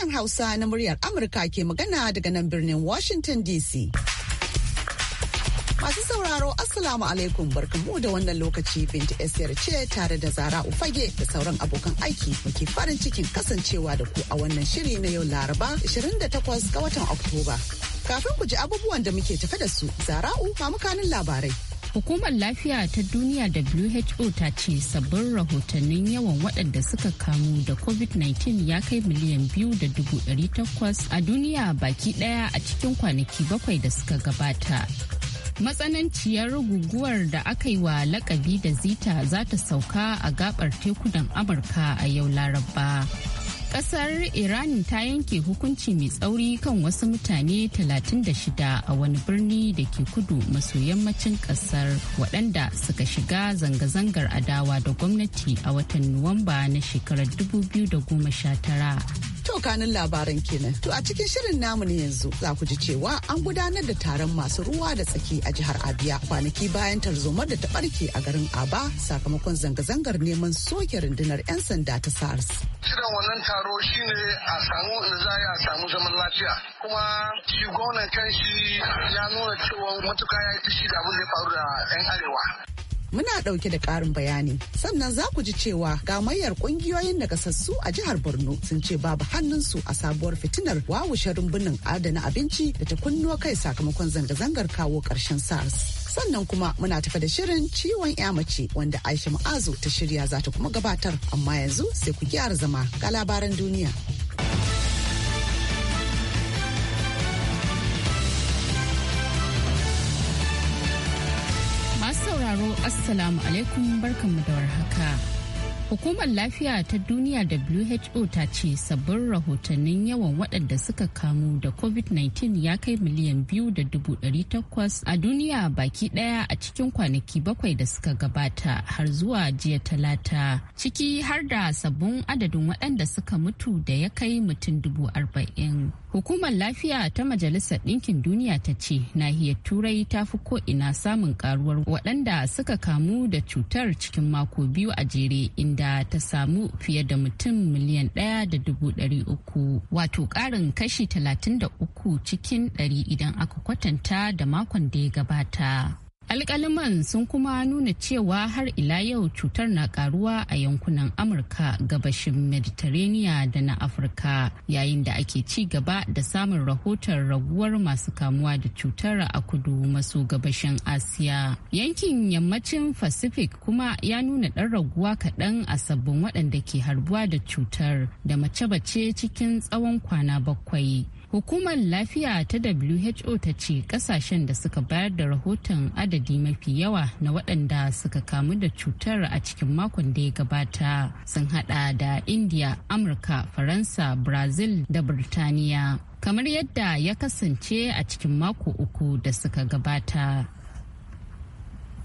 sashen Hausa na muryar Amurka ke magana daga nan birnin Washington DC. Masu sauraro Assalamu alaikum barkamu da wannan lokaci Binta Esiyar ce tare da Zara Ufage da sauran abokan aiki muke farin cikin kasancewa da ku a wannan shiri na yau Laraba 28 ga watan Oktoba. Kafin ku ji abubuwan da muke tafe da su, Zara'u kanin labarai. Hukumar lafiya ta duniya WHO ta ce sabbin rahotannin yawan waɗanda suka kamu da COVID-19 ya kai miliyan biyu da dubu ɗari takwas a duniya baki ɗaya a cikin kwanaki bakwai da suka gabata. matsananciyar guguwar da aka yi wa lakabi da zita za ta sauka a gabar tekudan amurka a yau laraba Kasar Iran ta yanke hukunci mai tsauri kan wasu mutane 36 a wani birni da ke kudu maso yammacin kasar waɗanda suka shiga zanga-zangar adawa da gwamnati a watan Nuwamba na shekarar 2019. To kanin labaran kenan. To a cikin shirin namu ne yanzu za ku ji cewa an gudanar da taron masu ruwa da tsaki a jihar Abia kwanaki bayan tarzomar da ta barke a garin Aba sakamakon zanga-zangar neman soke rundunar 'yan sanda ta SARS. Shirin wannan taro shine a samu za a samu zaman lafiya kuma shi gwamnan kanshi ya nuna cewa matuka ya yi ta shi da abin da ya faru da 'yan arewa. muna ɗauke da ƙarin bayani. Sannan za ku ji cewa gamayyar ƙungiyoyin nagasassu a jihar Borno sun ce babu hannunsu a sabuwar fitinar wawushe rumbunin adana abinci da ta kunno kai sakamakon zanga-zangar kawo ƙarshen SARS. sannan kuma muna tafa da shirin ciwon ya mace wanda aisha ma'azu ta shirya za ta kuma gabatar amma yanzu sai ku gyara zama ga labaran duniya. Assalamu alaikum barkanmu da warhaka. Hukumar lafiya ta duniya WHO ta ce sabbin rahotannin yawan waɗanda suka kamu da COVID-19 ya kai miliyan biyu da dubu ɗari takwas a duniya baki ɗaya a cikin kwanaki bakwai da suka gabata har zuwa jiya talata. Ciki har da sabbin adadin waɗanda suka mutu da ya kai mutum dubu arba'in. Hukumar lafiya ta Majalisar Ɗinkin Duniya ta ce nahiyar Turai ta fi ko'ina samun karuwar waɗanda suka kamu da cutar cikin mako biyu a jere in inda ta samu fiye da mutum miliyan ɗaya da dubu ɗari uku wato ƙarin kashi talatin da uku cikin ɗari idan aka kwatanta da makon da ya gabata. alkaliman sun kuma nuna cewa har ila yau cutar na karuwa a yankunan amurka gabashin mediterania da na afirka yayin da ake ci gaba da samun rahoton raguwar masu kamuwa da cutar a kudu maso gabashin asiya yankin yammacin pacific kuma ya nuna dan raguwa kaɗan a sabbin waɗanda ke harbuwa da cutar da mace bace cikin tsawon kwana bakwai Hukumar lafiya ta WHO ta ce kasashen da suka bayar da rahoton adadi mafi yawa na waɗanda suka kamu da cutar a cikin makon da ya gabata sun hada da India, Amurka, Faransa, Brazil da Birtaniya. Kamar yadda ya kasance a cikin mako uku da suka gabata.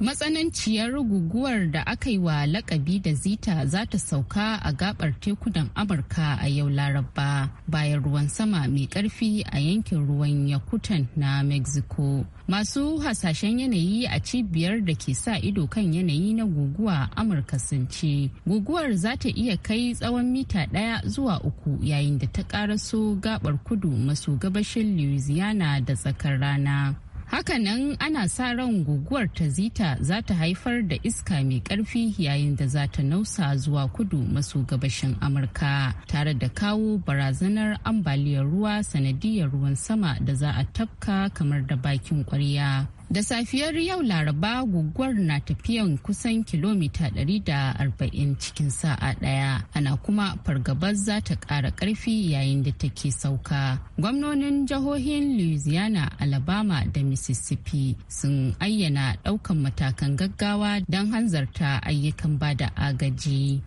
matsananciyar guguwar da aka yi wa lakabi da zita za ta sauka a gabar tekudan amurka a yau laraba bayan ruwan sama mai karfi a yankin ruwan yakutan na mexico masu hasashen yanayi a cibiyar da ke sa ido kan yanayi na guguwa amurka sun ce guguwar za ta iya kai tsawon mita ɗaya zuwa uku yayin da ta karaso gabar kudu maso gabashin louisiana da tsakar rana Hakanan ana sa ran guguwar ta zita za ta haifar da iska mai karfi yayin da za ta nausa zuwa kudu maso gabashin Amurka tare da kawo barazanar ambaliyar ruwa sanadiyar ruwan sama da za a tafka kamar da bakin kwarya. Da safiyar yau Laraba guguwar na tafiyan kusan kilomita 140 cikin sa'a ɗaya. Ana kuma fargabar za ta ƙara ƙarfi yayin da take sauka. Gwamnonin jihohin Louisiana, Alabama da Mississippi sun ayyana ɗaukan matakan gaggawa don hanzarta ayyukan bada agaji.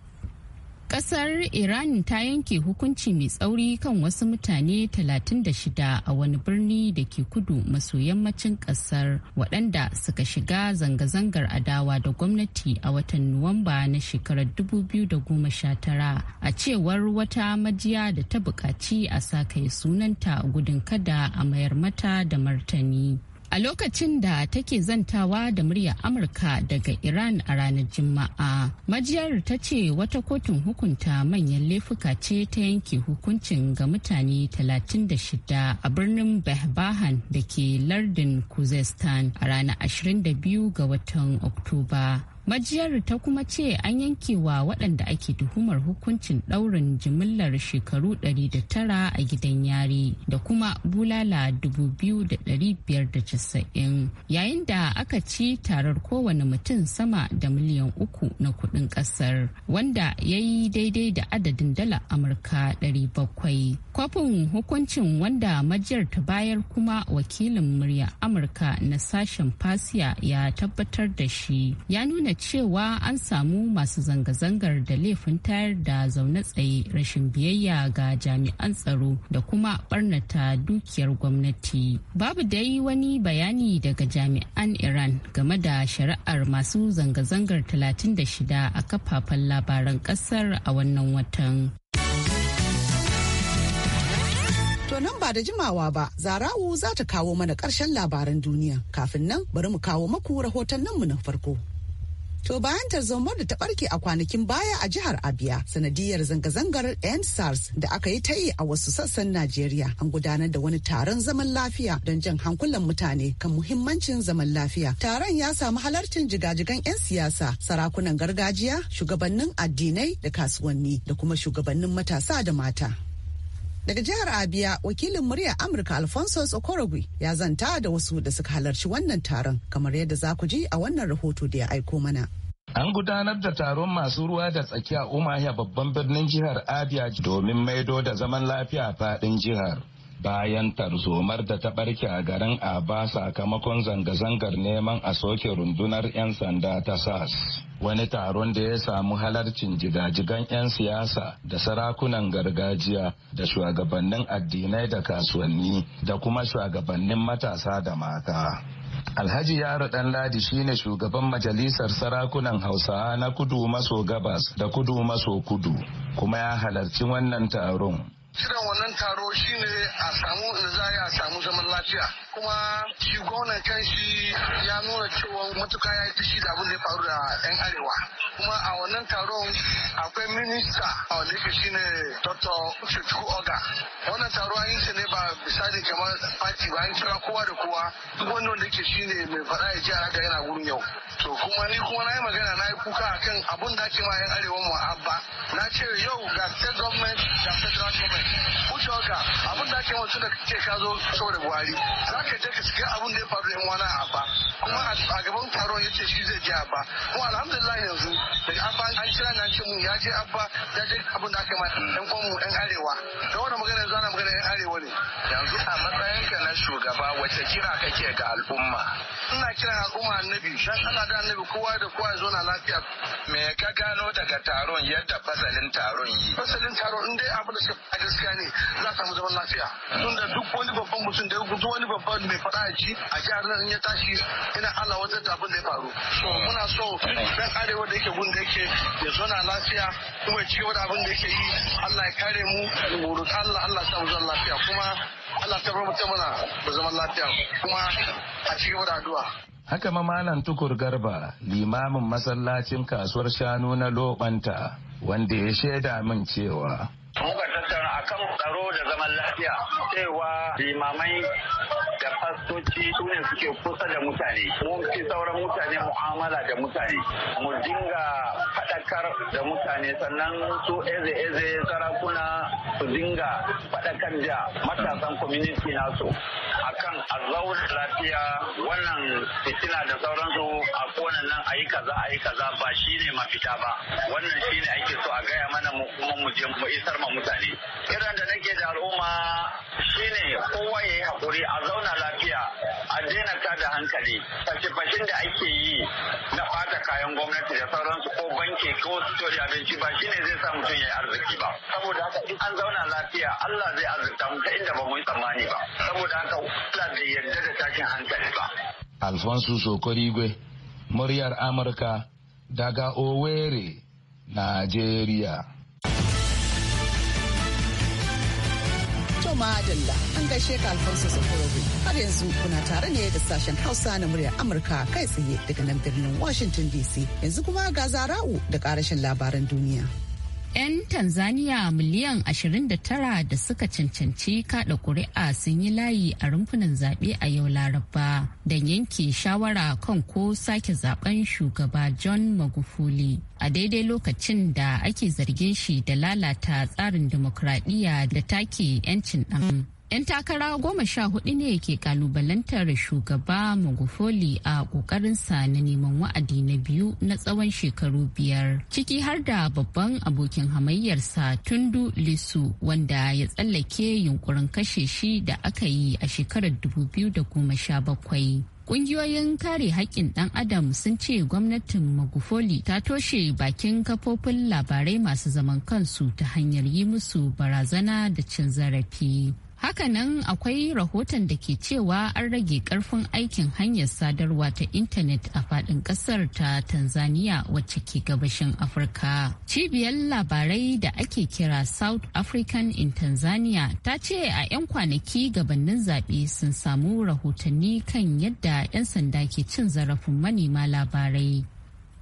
Ƙasar Iran ta yanke hukunci mai tsauri kan wasu mutane 36 a wani birni da ke kudu maso yammacin ƙasar waɗanda suka shiga zanga-zangar adawa da gwamnati a watan Nuwamba na shekarar 2019 a cewar wata majiya da ta buƙaci a sa sunanta gudun kada a mayar mata da martani. a lokacin da take zantawa da murya amurka daga iran a ranar juma'a majiyar ta ce wata kotun hukunta manyan laifuka ce ta yanke hukuncin ga mutane 36 a birnin behbahan da ke lardin kuzestan a ranar 22 ga watan oktoba majiyar ta kuma ce an yanke wa waɗanda ake tuhumar hukuncin ɗaurin jimillar shekaru tara a gidan yari da kuma bulala 2,590 yayin da aka ci tarar kowane mutum sama da miliyan uku na kuɗin ƙasar wanda ya yi daidai da adadin dala amurka 700 kwafin hukuncin wanda majiyar ta bayar kuma wakilin murya amurka na sashen fasiya ya tabbatar da shi ya nuna cewa an samu masu zanga-zangar da laifin tayar da zaune tsaye rashin biyayya ga jami'an tsaro da kuma barnata dukiyar gwamnati. Babu dai wani bayani daga jami'an Iran game da shari'ar masu zanga-zangar 36 a kafafen labaran kasar a wannan watan. To nan ba da jimawa ba, zarawu za ta kawo mana ƙarshen labaran duniya. Kafin nan bari mu kawo maku rahoton mu na farko. To bayan tarzomar da ta barke a kwanakin baya a jihar Abia sanadiyar zanga-zangar NSARS da aka yi ta yi a wasu sassan Najeriya an gudanar da wani taron zaman lafiya don jan hankulan mutane kan muhimmancin zaman lafiya. Taron ya samu halarcin jigajigan 'yan siyasa, sarakunan gargajiya, shugabannin addinai da kasuwanni da kuma shugabannin matasa da mata. Daga jihar Abia, wakilin murya Amurka Alfonso Okorogwi ya zanta da wasu da suka halarci wannan taron kamar yadda za ku ji a wannan rahoto da ya aiko mana. An gudanar da taron masu ruwa da tsakiya Umahya babban birnin jihar Abia domin maido da zaman lafiya faɗin jihar. bayan tarzomar da ta barke a garin aba sakamakon zanga-zangar neman a soke rundunar 'yan sanda ta sas wani taron da ya samu halarcin jigajigan 'yan siyasa da sarakunan gargajiya da shugabannin addinai da kasuwanni da kuma shugabannin matasa da mata Alhaji Yaro Dan Ladi shine shugaban majalisar sarakunan Hausawa na kudu maso gabas da kudu maso kudu kuma ya halarci wannan taron Shirin wannan taro shine a samu inda za a samu zaman lafiya. Kuma shi gwamnan kan shi ya nuna cewa matuka ya yi fushi da abin da ya faru da 'yan arewa. Kuma a wannan taron akwai minista a wanda yake shine Dr. Fitku Oga. Wannan taro an yi shi ne ba da kamar fati ba an kira kowa da kowa. Duk wanda wanda yake shine mai faɗa ya ji a yana wurin yau. To kuma ni kuma na yi magana na yi kuka akan abun da ake ma 'yan arewa mu abba. na ce yau ga state government da federal government wuce haka abin da ake wasu da ce ka zo saboda buhari za ka je ka shiga abin da ya faru da wani a ba kuma a gaban taron ya ce shi zai je abba kuma alhamdulillah yanzu daga abba an kira na ce mun ya je abba ya je abin da aka ma yan kwanmu yan arewa da wannan magana yanzu ana magana yan arewa ne yanzu a matsayinka na shugaba wace kira kake ga al'umma ina kira al'umma annabi shan ana da annabi kowa da kowa ya zo na lafiya me ka gano daga taron yadda fasalin taron yi fasalin taron in dai abu da suka a gaskiya ne za a samu zaman lafiya tunda duk wani babban mutum da duk wani babban mai fada a ji a jihar nan ya tashi ina Allah wajen da abin da ya faru so muna so dan arewa da yake gun da yake ya zauna lafiya kuma ya ci abun da abin da yake yi Allah ya kare mu mu Allah Allah ya samu zaman lafiya kuma Allah ta bar mana da lafiya kuma a ci gaba addu'a Haka ma Malam Tukur Garba limamin masallacin kasuwar shanu na Lobanta wanda ya shaida min cewa. ga tattara akan tsaro da zaman lafiya cewa limamai da fastoci sune suke kusa da mutane mun fi sauran mutane mu'amala da mutane mu dinga faɗakar da mutane sannan su eze-eze sarakuna su dinga faɗakar da matasan kwaminiti nasu akan a zauna lafiya wannan fitina da sauransu a kona nan a yi kaza a yi kaza ba shi ne mafita ba wannan shi ne ake so a gaya mana mu kuma mu je mu isar ma mutane da rage da al'umma shine kowa ya yi hakuri a zauna lafiya a daina ta da hankali fashe da ake yi na fata kayan gwamnati da sauransu ko banki ko sitori abinci ba shine zai sa mutum ya yi arziki ba saboda haka in an zauna lafiya Allah zai arzikta mu ta inda ba mu yi tsammani ba saboda haka Allah bai yarda da tashin hankali ba. Alfonso Sokorigwe, muryar Amurka daga Owerri, Najeriya. madalla an gaishe ka alfonso sokorobi har yanzu kuna tare ne da sashen hausa na muryar amurka kai tsaye daga nan birnin washington dc yanzu kuma ga zara'u da karashin labaran duniya 'yan tanzania miliyan 29 da suka cancanci kada kuri'a sun yi layi a rumfunan zaɓe a yau laraba don yanke shawara kan ko sake zaben shugaba john magufuli a daidai lokacin da ake zargin shi da lalata tsarin demokradiyya da take 'yancin ɗan 'Yan takara goma sha hudu ne ke kalubalantar shugaba Magufuli a ƙoƙarinsa na neman wa'adi na biyu na tsawon shekaru biyar, ciki har da babban abokin hamayyarsa Tundu Lisu wanda ya tsallake yunkurin kashe shi da aka yi a shekarar dubu biyu da sha bakwai. Ƙungiyoyin kare haƙƙin ɗan adam sun ce gwamnatin Magufuli ta toshe bakin kafofin labarai masu zaman kansu ta hanyar yi musu barazana da cin zarafi. haka nan akwai rahoton da ke cewa an rage karfin aikin hanyar sadarwa ta intanet a faɗin ƙasar ta Tanzania wacce ke gabashin Afirka. Cibiyar labarai da ake kira South African in Tanzania ta ce a 'yan kwanaki gabanin zaɓe sun samu rahotanni kan yadda 'yan sanda ke cin zarafin manema labarai.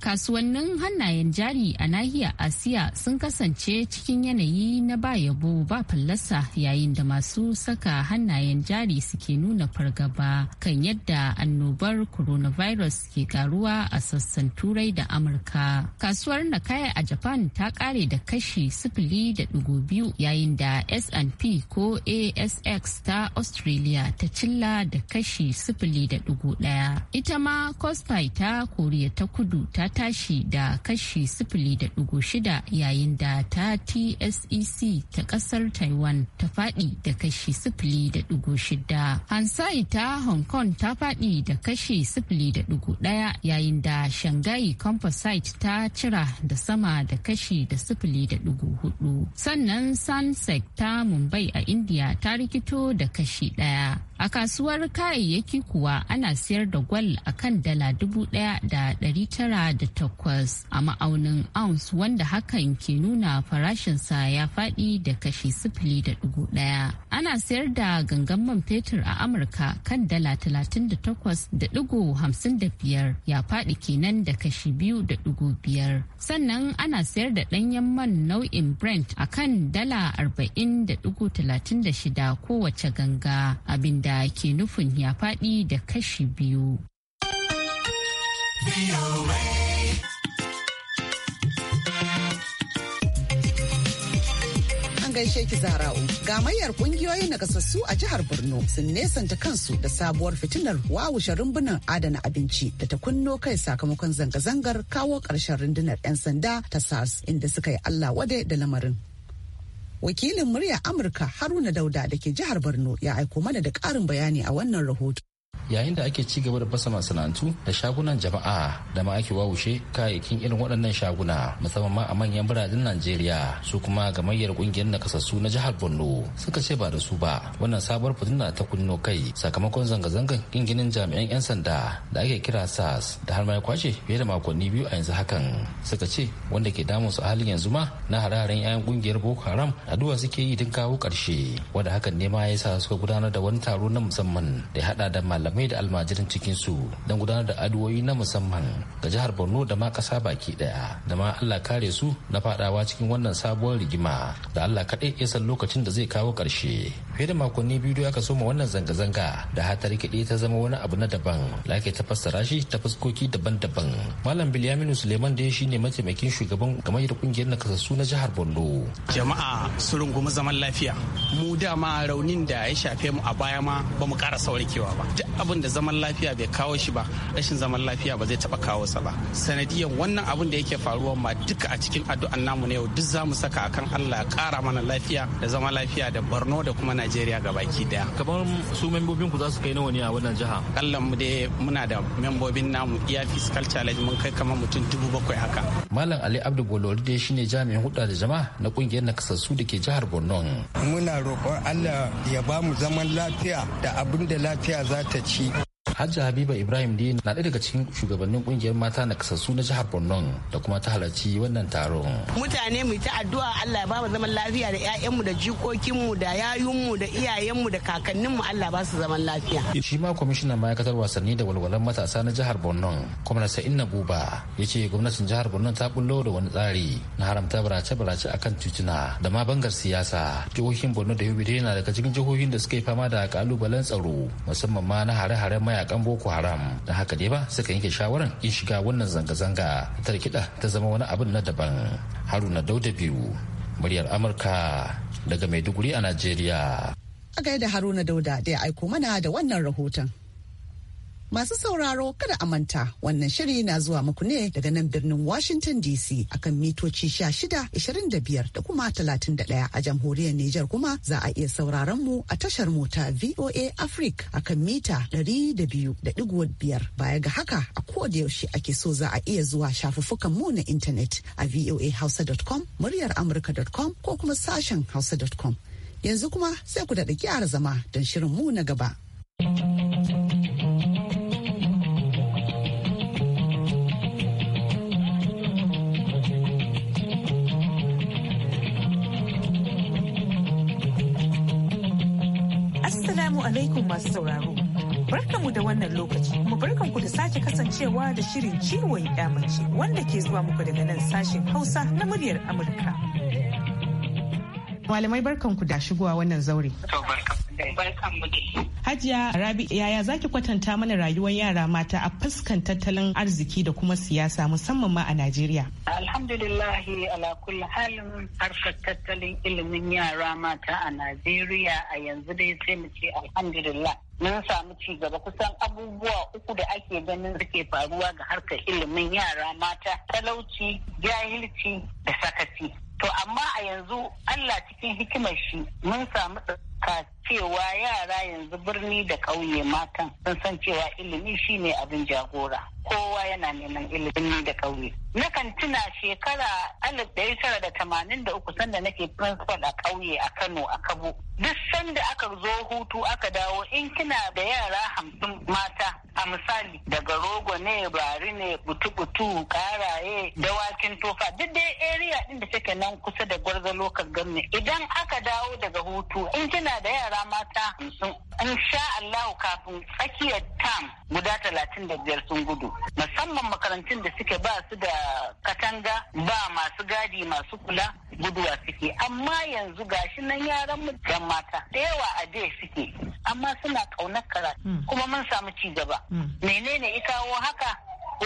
kasuwannin hannayen jari a nahiyar asiya sun kasance cikin yanayi na ba yabo ba fallasa yayin da masu saka hannayen jari suke nuna fargaba kan yadda annobar coronavirus ke karuwa a sassan turai da amurka kasuwar nakaya a japan ta kare da kashi sifili da digo biyu yayin da S&P ko asx ta australia ta cilla da kashi sifili da digo daya ita ma kospi ta koriya ta kudu ta tashi da kashi sifili da ɗigo shida yayin da ta tsec ta ƙasar taiwan ta faɗi da kashi sifili da ɗigo shida hansai ta hong kong ta faɗi da kashi sifili da ɗigo ɗaya yayin da shanghai composite ta cira da sama da kashi da sifili da ɗigo hudu sannan sansec ta mumbai a india ta rikito da kashi ɗaya a kasuwar kayayyaki kuwa ana siyar da gwal a kan dala dubu ɗaya da ɗari tara 68 a ma'aunin ounce wanda hakan ke nuna farashinsa ya faɗi da kashi da sifili ɗaya, Ana sayar da gangan man fetur a Amurka kan dala da 38.55 ya faɗi kenan da kashi biyu da biyar, Sannan ana sayar da ɗanyen man nau'in Brent a kan dala shida kowace ganga abinda ke nufin ya faɗi da kashi biyu. gaishe ki Zara'u. Gamayyar kungiyoyin kasassu a jihar Borno sun nesanta kansu da sabuwar fitinar wawushe rumbunan adana abinci da ta kunno kai sakamakon zanga-zangar kawo karshen rundunar 'yan sanda ta SARS inda suka yi Allah wade da lamarin. Wakilin murya Amurka Haruna Dauda da ke jihar Borno ya aiko mana da ƙarin bayani a wannan rahoto. yayin da ake ci gaba da fasa masana'antu da shagunan jama'a da ma ake wawushe kayayyakin irin waɗannan shaguna musamman ma a manyan biranen Najeriya su kuma gamayyar kungiyar nakasassu na jihar Borno suka ce ba da su ba wannan sabuwar fitina ta kunno kai sakamakon zanga-zangan ginginin jami'an 'yan sanda da ake kira SAS da har ma ya kwace fiye da makonni biyu a yanzu hakan suka ce wanda ke damun su a halin yanzu ma na hararen 'yan kungiyar Boko Haram addu'a suke yi don kawo ƙarshe wanda hakan ne ma ya sa suka gudanar da wani taro na musamman da ya haɗa da malamai malamai da almajiran su don gudanar da addu'o'i na musamman ga jihar borno da ma kasa baki daya da ma allah kare su na fadawa cikin wannan sabuwar rigima da allah kaɗai ya san lokacin da zai kawo karshe fiye da makonni biyu aka soma wannan zanga-zanga da hatar kiɗe ta zama wani abu na daban da ake ta fassara shi ta fuskoki daban-daban malam bilyaminu suleiman da ya shine mataimakin shugaban gamayyar kungiyar nakasassu na jihar borno jama'a su rungumi zaman lafiya mu dama raunin da ya shafe mu a baya ma ba mu ƙara saurikewa ba abin da zaman lafiya bai kawo shi ba rashin zaman lafiya ba zai taba kawo sa ba sanadiyar wannan abin da yake faruwa ma duka a cikin addu'an namu ne yau duk za mu saka akan Allah ya kara mana lafiya da zaman lafiya da Borno da kuma Najeriya gabaki daya kamar su membobin ku za su kai nawa ne a wannan jiha Allah mu dai muna da membobin namu iya fiscal challenge mun kai kamar mutum dubu bakwai haka malam Ali Abdu Bolori dai shine jami'in huda da jama'a na kungiyar nakasassu da ke jihar Borno muna roƙon Allah ya ba mu zaman lafiya da abin da lafiya za ta ci She. Hajji Habiba Ibrahim Dini na ɗaya daga cikin shugabannin kungiyar mata na kasassu na jihar Borno da kuma ta halarci wannan taron. Mutane mu ta addu'a Allah ya ba mu zaman lafiya da 'ya'yanmu da jikokinmu da yayunmu da iyayenmu da kakanninmu Allah ba su zaman lafiya. Shi ma kwamishinan ma'aikatar wasanni da walwalan matasa na jihar Borno, sa inna Buba, ya ce gwamnatin jihar Borno ta bullo da wani tsari na haramta barace-barace akan tituna da ma bangar siyasa. Jihohin Borno da Yobe na daga cikin jihohin da suka yi fama da kalubalen tsaro musamman ma na hare hare maya mayakan boko haram da haka dai ba suka yanke shawaran in shiga wannan zanga-zanga ta rikida ta zama wani abin na daban haruna dauda biyu muryar amurka daga maiduguri a najeriya a gaida haruna dauda da ya aiko mana da wannan rahoton Masu sauraro kada a manta wannan shiri na zuwa muku ne daga nan birnin Washington DC akan mitoci 16, 25 da kuma 31 a jamhuriyar Nijar kuma za a iya sauraron mu a tashar mota VOA Africa akan mita da 200.5 baya ga haka a koda yaushe ake so za a iya zuwa shafuffukan mu na intanet a hausa voahausa.com muryar amurka amurka.com ko kuma sashen hausa hausa.com yanzu kuma sai ku daɗa kyara zama don shirin mu na gaba. masu sauraro. Barkanmu da wannan lokaci kuma barkanku da sake kasancewa da shirin ciwon mace wanda ke zuwa muku daga nan sashen Hausa na muryar Amurka. Malamai barkanku da shigowa wannan zaure. Barkanmu Hajiya Rabi yaya zaki kwatanta mana rayuwar yara mata a fuskan tattalin arziki da kuma siyasa musamman ma a Najeriya? Alhamdulillah ala kulli halin harkar tattalin ilimin yara mata a Najeriya a yanzu dai sai mu ce alhamdulillah. mun samu ci gaba kusan abubuwa uku da ake ganin suke faruwa ga harkar ilimin yara mata talauci jahilci da sakaci to amma a yanzu allah cikin hikimar shi mun samu cewa yara yanzu birni da ƙauye matan sun san cewa ilimi shine abin jagora kowa yana neman ilimi da ƙauye nakan tuna shekara alif ɗari tara da tamanin da uku sanda nake principal a ƙauye a kano a kabo duk sanda aka zo hutu aka dawo in kina da yara hamsin mata a misali daga rogo ne bari ne butu-butu karaye dawakin tofa duk dai area ɗin da take nan kusa da gwarzo lokal gamne idan aka dawo daga hutu in kina da yara mata In sha Allah kafin tsakiyar tam guda talatin da biyar sun gudu. Musamman makarantun da suke ba su da katanga ba masu gadi masu kula guduwa suke. Amma yanzu gashi nan yaran mu mata da yawa a dai suke. Amma suna ƙaunar karatu hmm. kuma mun samu ci gaba. Hmm. Menene ya kawo haka?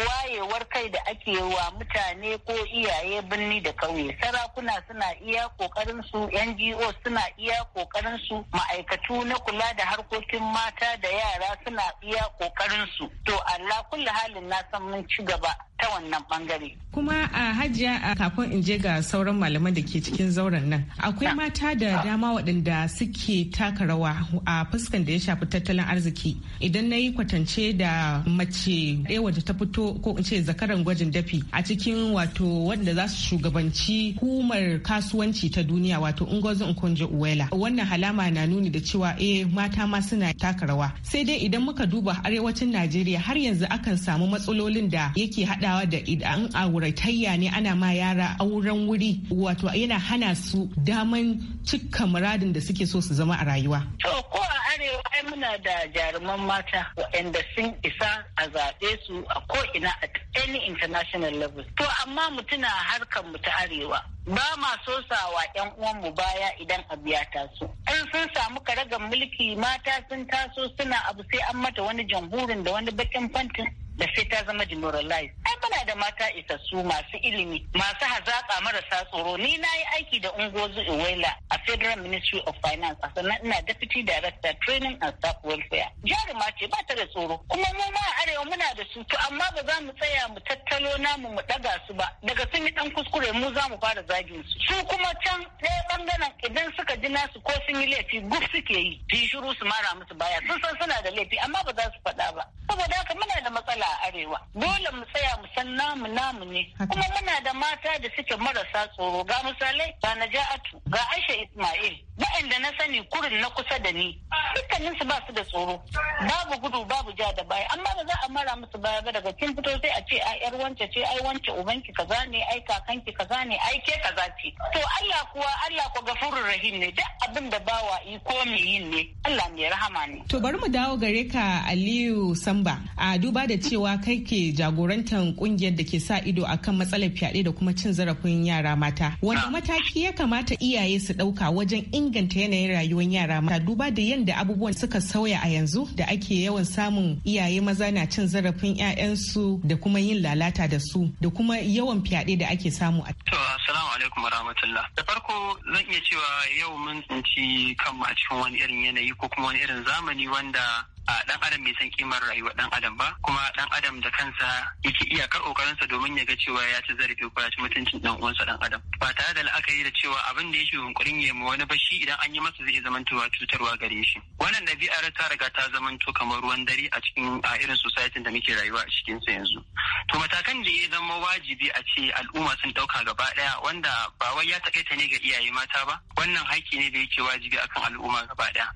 wayewar kai da ake wa mutane ko iyaye birni da kauye sarakuna suna iya kokarin su NGO suna iya kokarin su ma'aikatu na kula da harkokin mata da yara suna iya kokarin su to Allah kulli halin na san mun ci gaba ta wannan bangare kuma a hajiya kafin in je ga sauran malaman da ke cikin zauren nan akwai mata da dama waɗanda suke taka rawa a fuskan da ya shafi tattalin arziki idan na yi kwatance da mace ɗaya wadda ta fito ko in ce zakaran gwajin dafi a cikin wato wanda za su shugabanci hukumar kasuwanci ta duniya wato Ngozi Okonjo uwela Wannan halama na nuni da cewa eh mata ma suna taka rawa. Sai dai idan muka duba arewacin Najeriya har yanzu akan samu matsalolin da yake haɗawa da idan auratayya ne ana ma yara auren wuri wato yana hana su daman cika muradin da suke so su zama a rayuwa. To ko a arewa muna da jaruman mata waɗanda sun isa a zaɓe su a ko ina at any international level to amma mutuna harkar mu ta arewa ba ma sosawa yan mu baya idan abu ya taso in sun samu karagar mulki mata sun taso suna abu sai an mata wani jamhurin da wani bakin fantin da sai ta zama demoralize. ai muna da mata isassu masu ilimi masu hazaƙa marasa tsoro ni na yi aiki da ungozu iwela a federal ministry of finance a sannan ina deputy director training and staff welfare jaruma ce ba ta da tsoro kuma mu ma arewa muna da su to amma ba za mu tsaya mu tattalo namu mu ɗaga su ba daga sun yi dan kuskure mu za mu fara zagin su su kuma can ɗaya bangaren idan suka ji nasu ko sun yi laifi guf suke yi su shiru su mara musu baya sun san suna da laifi amma ba za su faɗa ba saboda haka muna da matsala a arewa dole mu tsaya mu san namu namu ne kuma muna da mata da suke marasa tsoro ga misalai ga naja'atu ga aisha ismail waɗanda na sani kurin na kusa da ni dukkanin su ba su da tsoro babu gudu babu ja da baya amma ba za a mara musu baya ba daga kin fito sai a ce ai yar wance ce ai wance ubanki kaza ne ai kakanki kaza ne ai ke kaza ce to Allah kuwa Allah ko gafurur rahim ne duk abin da bawa yi ko me yin ne Allah mai rahama ne to bari mu dawo gare ka Aliyu Samba a duba da cewa cewa kai ke jagorantar kungiyar da ke sa ido akan matsalar fyaɗe da kuma cin zarafin yara mata. Wanda ah. mataki ya kamata iyaye su ɗauka wajen inganta yanayin rayuwar yara mata duba da yadda abubuwan suka sauya a yanzu da ake yawan samun iyaye maza na cin zarafin 'ya'yansu da kuma yin lalata da su da kuma yawan fyaɗe da ake samu a. To, assalamu alaikum rahmatullah. Da farko zan iya cewa yau mun tsinci kanmu a cikin wani irin yanayi ko kuma wani irin zamani wanda a dan adam mai san kimar rayuwar dan adam ba kuma dan adam da kansa yake iyakar kokarinsa domin ya ga cewa ya ci zarafi ko ya ci mutuncin dan uwansa dan adam ba tare da la'akari da cewa abin da yake yunkurin ya wani shi idan an yi masa zai zamantowa cutarwa gare shi wannan dabi'ar ta riga ta to kamar ruwan dare a cikin a irin society da muke rayuwa a cikin sa yanzu to matakan da ya zama wajibi a ce al'umma sun ɗauka gaba daya wanda ba wai ya takaita ne ga iyaye mata ba wannan haƙƙi ne da yake wajibi akan al'umma gaba daya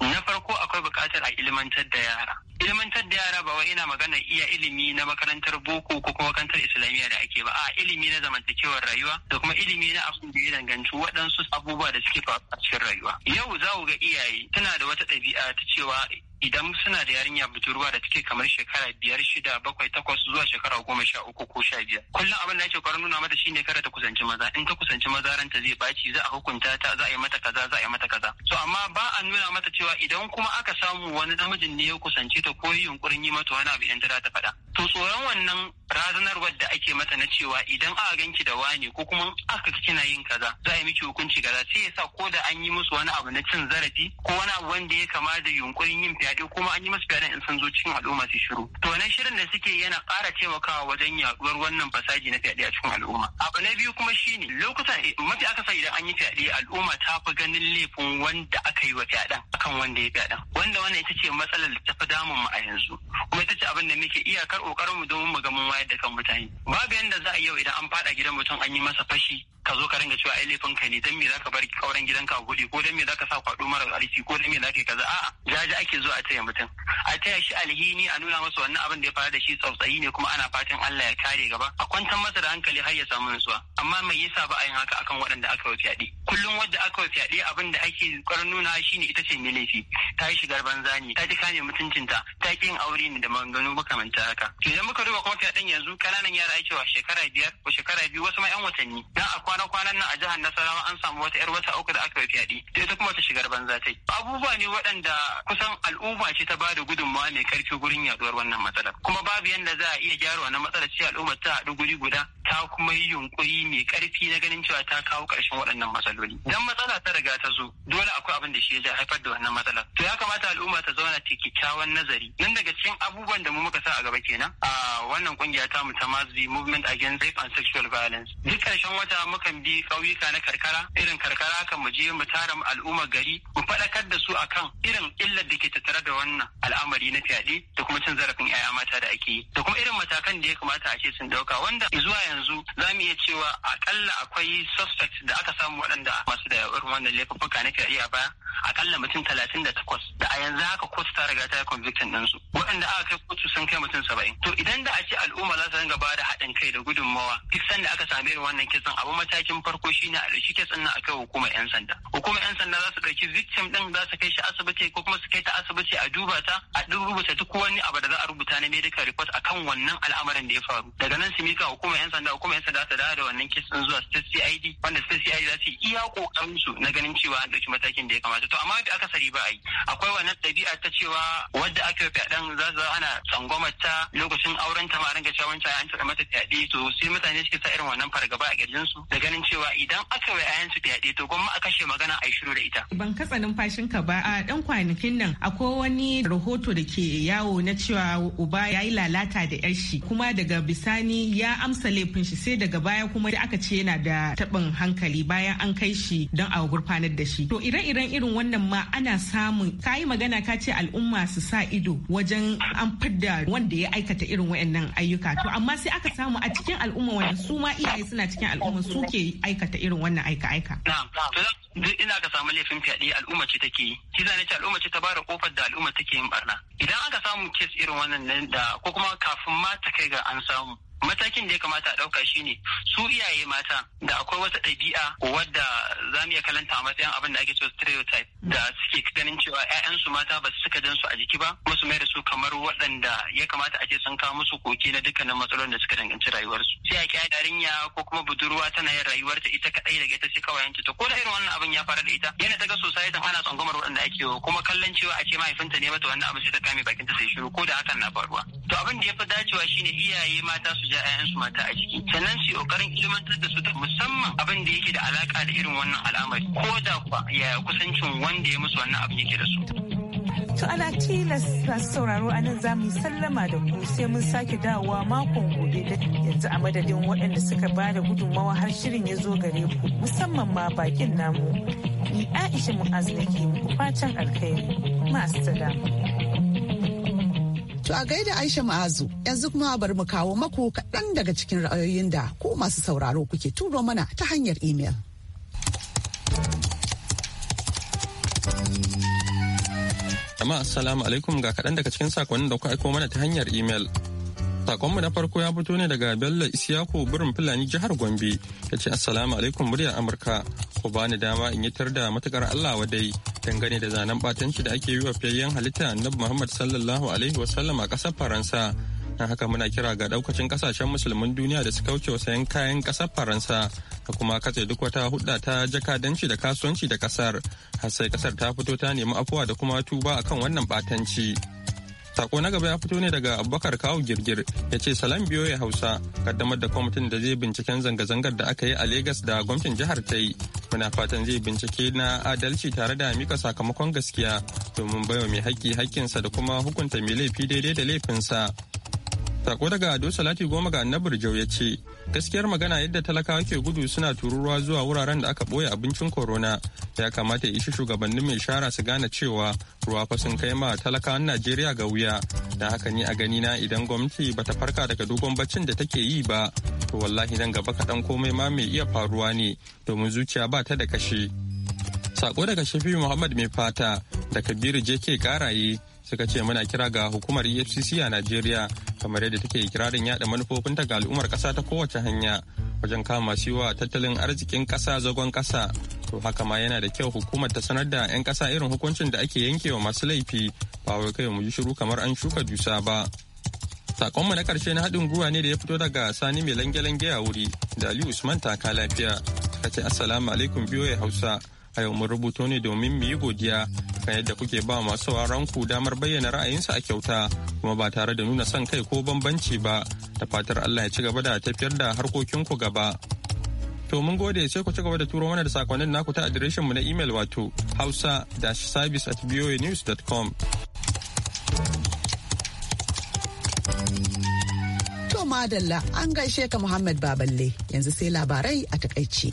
na farko akwai buƙatar a ilmantar da yara ilmantar da yara ba wai ina magana iya ilimi na makarantar boko ko kuma makarantar islamiyya da ake ba a ilimi na zamantakewar rayuwa da kuma ilimi na abin da ya danganci waɗansu abubuwa da suke faruwa cikin rayuwa yau za ga iyaye tana da wata ɗabi'a ta cewa idan suna da yarinya budurwa da take kamar shekara biyar shida bakwai takwas zuwa shekara goma sha uku ko sha biyar kullum abin da ake kwarar nuna mata shine kada ta kusanci maza in ta kusanci maza ranta zai baci za a hukunta ta za a yi mata kaza za a yi mata kaza so amma ba a nuna mata cewa idan kuma aka samu wani namijin ne ya kusance ta ko yunkurin yi mata wani abu idan ta ta faɗa to tsoron wannan razanarwar da ake mata na cewa idan aka ganki da wani ko kuma aka kina yin kaza za a yi miki hukunci kaza sai ya sa ko da an yi musu wani abu na cin zarafi ko wani abu wanda ya kama da yunkurin yin fiya yaɗe kuma an yi masu fyaɗen in sun zo cikin al'umma su shiru to wannan shirin da suke yana ƙara taimakawa wajen yaɗuwar wannan fasaji na fyaɗe a cikin al'umma abu na biyu kuma shine lokuta eh, mafi sa idan an yi fyaɗe al'umma ta fi ganin laifin wanda aka yi wa fyaɗen akan wanda ya fyaɗen wanda wannan ita ce matsalar da ta fi damun mu a yanzu kuma ita ce abin da muke iyakar ƙoƙarin mu domin mu ga mun wayar da kan mutane babu yadda za a yau idan an faɗa gidan mutum an yi masa fashi ka zo ka ringa cewa ai laifin ka ne dan me zaka bar kauren gidanka a gudi ko dan me zaka sa kwaɗo mara ƙarfi ko dan me zaka kaza a'a jaji ake zuwa a taya mutum a taya shi alhini a nuna masa wannan abin da ya faru da shi tsautsayi ne kuma ana fatan Allah ya kare gaba a kwantar masa da hankali har ya samu nutsuwa amma mai yasa ba a yin haka akan waɗanda aka yi fyaɗe kullum wadda aka yi fyaɗe abin da ake ƙwarar nuna shi ne ita ce mai laifi ta yi shigar banza ne ta ji kame mutuncinta ta ƙi yin aure ne da maganganu makamanta haka to idan muka duba kuma fyaɗen yanzu kananan yara ake wa shekara biyar ko shekara biyu wasu ma 'yan watanni dan a kwana-kwanan nan a jihar Nasarawa an samu wata 'yar wata uku da aka yi fyaɗe ita kuma ta shigar banza ta abubuwa ne waɗanda kusan al'umma al'umma ce ta bada gudunmawa mai karfi gurin yaduwar wannan matsalar kuma babu yadda za a iya gyara wannan matsala ce al'umma ta haɗu guri guda ta kuma yi yunkuri mai karfi na ganin cewa ta kawo ƙarshen waɗannan matsaloli dan matsala ta riga ta zo dole akwai abin da shi ya haifar da wannan matsalar to ya kamata al'umma ta zauna ta kyakkyawan nazari nan daga cikin abubuwan da mu muka sa a gaba kenan a wannan kungiya ta mu ta Mazbi Movement Against Rape and Sexual Violence duk ƙarshen wata mukan bi ƙauyuka na karkara irin karkara kan mu je mu tara al'umma gari mu faɗakar da su akan irin illar da ke tattare tattare da wannan al'amari na fyaɗe da kuma cin zarafin 'ya'ya mata da ake yi da kuma irin matakan da ya kamata a ce sun ɗauka wanda zuwa yanzu za mu iya cewa akalla akwai suspect da aka samu waɗanda masu da irin wannan laifuka na fyaɗe a baya akalla mutum talatin da takwas da a riga ta convicted din su waɗanda aka kai kotu sun kai mutum saba'in to idan da a ce al'umma za su dinga ba da haɗin kai da gudunmawa duk sanda aka same irin wannan kisan abu matakin farko shine a ɗauki kisan nan akai hukumar yan sanda hukumar yan sanda za su ɗauki victim din za su kai shi asibiti ko kuma su kai ta asibiti a duba ta a rubuta duk wani abu da za a rubuta na medical report akan wannan al'amarin da ya faru daga nan su mika hukumar yan sanda hukumar yan sanda za su dawo da wannan kisan zuwa state CID wanda state CID za su yi iya kokarin su na ganin cewa an ɗauki matakin da ya kamata to amma bai akasari ba a yi akwai wannan ɗabi'a ta cewa wadda aka fyaɗen za su ana ta lokacin auren ta ma ringa cewa wancan an taɓa mata fyaɗe to sai mutane suke sa irin wannan fargaba a ƙirjin su da ganin cewa idan aka wa yayan su fyaɗe to gwamma a kashe magana a yi shiru da ita. Ban katsa numfashin ka ba a ɗan kwanakin nan akwai wani rahoto da ke yawo na cewa uba ya yi lalata da yar shi kuma daga bisani ya amsa laifin shi sai daga baya kuma da aka ce yana da taɓin hankali bayan an kai shi don a gurfanar da shi. To ire-iren irin wannan ma ana samun ka yi magana ka ce al'umma masu sa ido wajen an fidda wanda ya aikata irin wayannan ayyuka to amma sai aka samu a cikin al'umma wanda su ma iyaye suna cikin al'umma suke aikata irin wannan aika aika duk ina ka samu laifin fyaɗe al'umma ce take yi shi zane ce al'umma ce ta bara kofar da al'umma take yin barna idan aka samu kes irin wannan nan da ko kuma kafin ma ta kai ga an samu matakin da ya kamata a ɗauka shine su iyaye mata da akwai wata ɗabi'a wadda za mu iya kalanta a matsayin abin da ake so stereotype da suke ganin cewa 'ya'yansu mata ba su suka jan su a jiki ba kuma su mai da su kamar waɗanda ya kamata a ce sun kawo musu koki na dukkanin matsalolin da suka danganci rayuwarsu sai a ƙi yarinya ko kuma budurwa tana yin rayuwarta ita kaɗai daga ita sai kawai ta ko da irin wannan abin ya fara da ita yana ta ga ta ana tsangwamar waɗanda ake yi kuma kallon cewa a ce mahaifinta ne mata wannan abin sai ta kame bakinta ta sai shiru ko da hakan na faruwa to abin da ya fi dacewa shine iyaye mata su ja 'ya'yansu mata a ciki sannan su kokarin ilmantar da su ta musamman abin da yake da alaka da irin wannan al'amari ko da kuwa yaya kusancin wanda ya musu wannan abin yake da su To ana tilasta sauraro a nan za mu sallama da ku sai mun sake dawowa makon gobe da yanzu a madadin waɗanda suka ba da gudunmawa har shirin ya zo gare ku musamman ma bakin namu. Ni Aisha Mu'az nake muku fatan alkhairi. Ma'assalam. To a gaida Aisha Ma'azu yanzu kuma bar mu kawo maku kaɗan daga cikin ra'ayoyin da ko masu sauraro kuke turo mana ta hanyar imel. Jama'a assalamu alaikum ga kaɗan daga cikin sakonnin da ku aiko mana ta hanyar imel. Sakonmu na farko ya fito ne daga Bello isiyaku Birin Fulani jihar Gombe ya ce assalamu alaikum muryar Amurka ku bani dama in yitar da matukar Allah wadai dangane da zanen batanci da ake yi wa fiyayyen halitta Annabi Muhammad sallallahu alaihi wasallam a ƙasar Faransa. na haka muna kira ga daukacin kasashen musulmin duniya da suka wuce sayan kayan kasar faransa da kuma katse duk wata hudda ta jakadanci da kasuwanci da kasar har sai kasar ta fito ta nemi afuwa da kuma tuba akan wannan batanci sako na gaba ya fito ne daga abubakar kawo girgir ya ce salam biyo ya hausa kaddamar da kwamitin da zai binciken zanga-zangar da aka yi a legas da gwamnatin jihar ta yi muna fatan zai bincike na adalci tare da mika sakamakon gaskiya domin baiwa mai haƙƙi haƙƙinsa da kuma hukunta mai laifi daidai da laifinsa Sako daga Ado Salati goma ga annabar Jau ya ce, gaskiyar magana yadda talakawa ke gudu suna tururuwa zuwa wuraren da aka ɓoye abincin korona ya kamata ishi shugabannin mai shara su gane cewa ruwa fa sun kai ma talakawan Najeriya ga wuya. Da haka ni a gani na idan gwamnati bata farka daga dogon baccin da take yi ba, to wallahi nan gaba kaɗan komai ma mai iya faruwa ne domin zuciya ba ta da kashe. Sako daga Shafi Muhammad mai fata da Kabiru JK Karaye suka ce muna kira ga hukumar EFCC a Najeriya kamar yadda take kirarin yada manufofinta ga al'ummar kasa ta kowace hanya wajen kama siwa tattalin arzikin kasa zagon kasa to haka ma yana da kyau hukumar ta sanar da 'yan kasa irin hukuncin da ake yankewa masu laifi ba wai kai mu ji shiru kamar an shuka dusa ba sakonmu na karshe na haɗin gwiwa ne da ya fito daga sani mai lange-lange a wuri da aliyu usman ta ka lafiya ka ce assalamu alaikum ya hausa a yau mun rubuto ne domin mu yi godiya kan yadda kuke ba masu ku damar bayyana ra'ayinsu a kyauta kuma ba tare da nuna son kai ko bambanci ba da fatar Allah ya ci gaba da tafiyar da harkokinku gaba. To mun gode sai ku ci gaba da turo mana da sakonnin naku ta mu na imel wato hausa sabis at madalla an gaishe ka Muhammad Baballe yanzu sai labarai a takaici.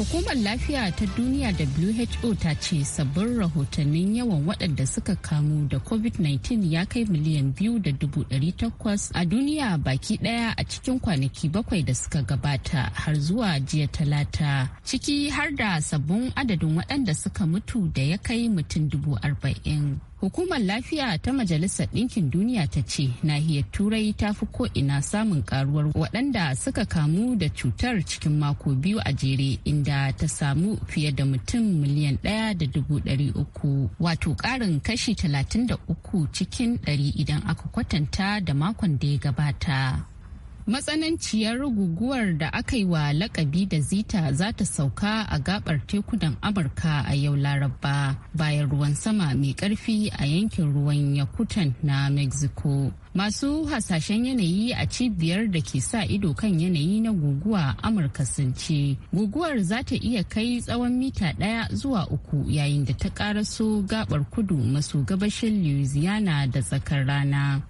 Hukumar lafiya ta duniya WHO ta ce sabbin rahotannin yawan waɗanda suka kamu da COVID-19 ya kai miliyan biyu da dubu ɗari takwas a duniya baki ɗaya a cikin kwanaki bakwai da suka gabata har zuwa jiya talata. Ciki har da sabbin adadin waɗanda suka mutu da ya kai mutum dubu arba'in. Hukumar lafiya ta Majalisar Ɗinkin Duniya ta ce nahiyar Turai ta fi ko'ina samun karuwar waɗanda suka kamu da cutar cikin mako biyu a jere inda ta samu fiye da mutum miliyan ɗaya da dubu ɗari uku. Wato ƙarin kashi talatin da uku cikin ɗari idan aka kwatanta da makon da ya gabata. matsananciyar guguwar da aka yi wa lakabi da zita za ta sauka a gabar tekunan amurka a yau laraba bayan ruwan sama mai karfi a yankin ruwan yakutan na mexico masu hasashen yanayi a cibiyar da ke sa ido kan yanayi na guguwa amurka sun ce guguwar za ta iya kai tsawon mita ɗaya zuwa uku yayin da ta karaso gabar kudu maso gabashin louisiana da tsakar rana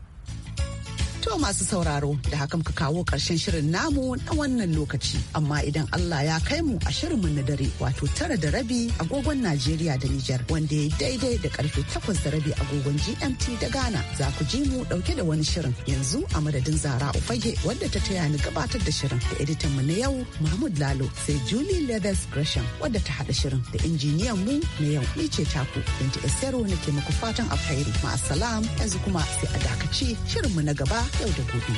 To masu sauraro da haka muka kawo ƙarshen shirin namu na wannan lokaci. Amma idan Allah ya kai mu a shirinmu na dare wato tara da rabi agogon Najeriya da Nijar wanda ya daidai da karfe takwas da rabi agogon GMT da Ghana za ku ji mu ɗauke da wani shirin yanzu a madadin Zara Ufage wadda ta taya ni gabatar da shirin da editan mu na yau Mahmud Lalo sai Julie Leathers Gresham wadda ta haɗa shirin da injiniyan mu na yau ni ce taku Binta Esero nake muku fatan alheri. Ma'asalam yanzu kuma sai a dakaci shirinmu na gaba 象征孤独。